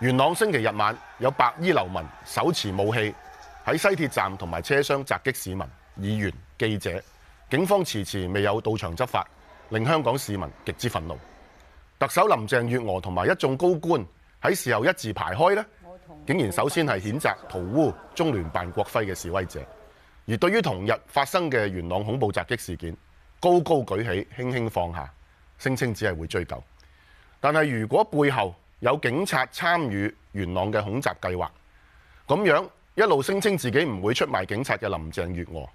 元朗星期日晚有白衣流民，手持武器喺西鐵站同埋車廂襲擊市民、議員、記者，警方遲遲未有到場執法，令香港市民極之憤怒。特首林鄭月娥同埋一眾高官喺事後一字排開呢，竟然首先係譴責塗污中聯辦國徽嘅示威者，而對於同日發生嘅元朗恐怖襲擊事件，高高舉起，輕輕放下，聲稱只係會追究，但係如果背後……有警察參與元朗嘅恐襲計劃，咁樣一路聲稱自己唔會出賣警察嘅林鄭月娥，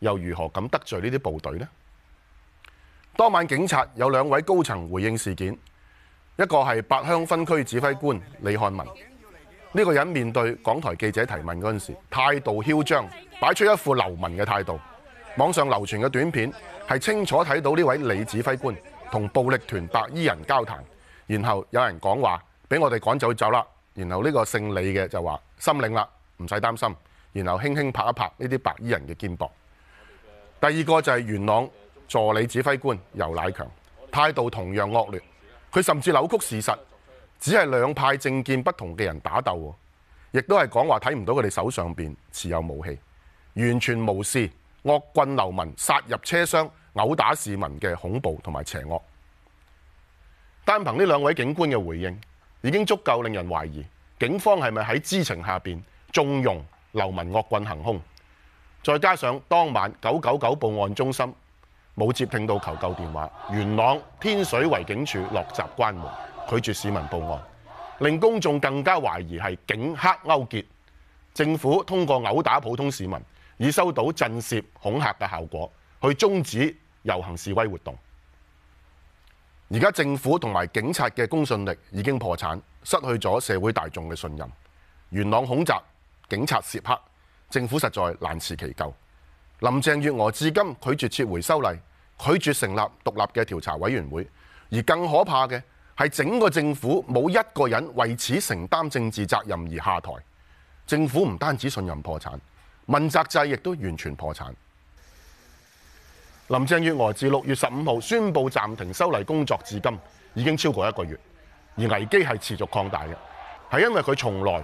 又如何敢得罪呢啲部隊呢？當晚警察有兩位高層回應事件，一個係八鄉分區指揮官李漢文，呢、這個人面對港台記者提問嗰陣時，態度囂張，擺出一副流氓嘅態度。網上流傳嘅短片係清楚睇到呢位李指揮官同暴力團白衣人交談。然後有人講話，俾我哋趕走就走啦。然後呢個姓李嘅就話心領啦，唔使擔心。然後輕輕拍一拍呢啲白衣人嘅肩膊。第二個就係元朗助理指揮官尤乃強，態度同樣惡劣。佢甚至扭曲事實，只係兩派政見不同嘅人打鬥，亦都係講話睇唔到佢哋手上邊持有武器，完全無視惡棍流民殺入車廂、毆打市民嘅恐怖同埋邪惡。單憑呢兩位警官嘅回應，已經足夠令人懷疑警方係咪喺知情下邊縱容流民惡棍行凶？再加上當晚九九九報案中心冇接聽到求救電話，元朗天水圍警署落閘關門，拒絕市民報案，令公眾更加懷疑係警黑勾結，政府通過毆打普通市民，以收到震懾恐嚇嘅效果，去終止遊行示威活動。而家政府同埋警察嘅公信力已經破產，失去咗社會大眾嘅信任。元朗恐襲，警察涉黑，政府實在難辭其咎。林鄭月娥至今拒絕撤回修例，拒絕成立獨立嘅調查委員會。而更可怕嘅係整個政府冇一個人為此承擔政治責任而下台。政府唔單止信任破產，問責制亦都完全破產。林鄭月娥自六月十五號宣布暫停修例工作至今，已經超過一個月，而危機係持續擴大嘅，係因為佢從來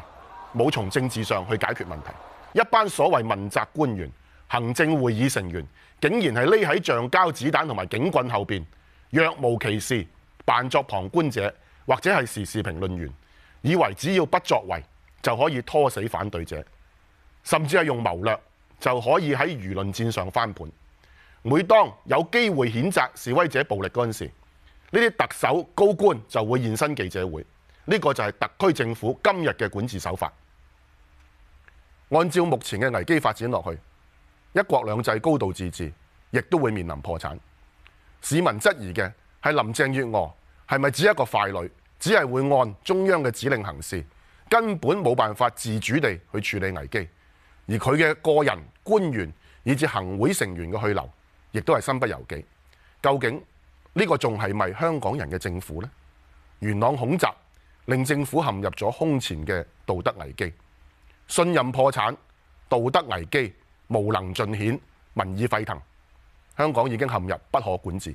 冇從政治上去解決問題。一班所謂問責官員、行政會議成員，竟然係匿喺橡膠子彈同埋警棍後面，若無其事，扮作旁觀者或者係時事評論員，以為只要不作為就可以拖死反對者，甚至係用謀略就可以喺輿論戰上翻盤。每當有機會譴責示威者暴力嗰陣時，呢啲特首高官就會現身記者會，呢個就係特區政府今日嘅管治手法。按照目前嘅危機發展落去，一國兩制高度自治亦都會面臨破產。市民質疑嘅係林鄭月娥係咪只係一個傀儡，只係會按中央嘅指令行事，根本冇辦法自主地去處理危機，而佢嘅個人官員以至行會成員嘅去留。亦都係身不由己，究竟呢個仲係咪香港人嘅政府呢？元朗恐襲令政府陷入咗空前嘅道德危機，信任破產、道德危機、無能盡顯、民意沸騰，香港已經陷入不可管治。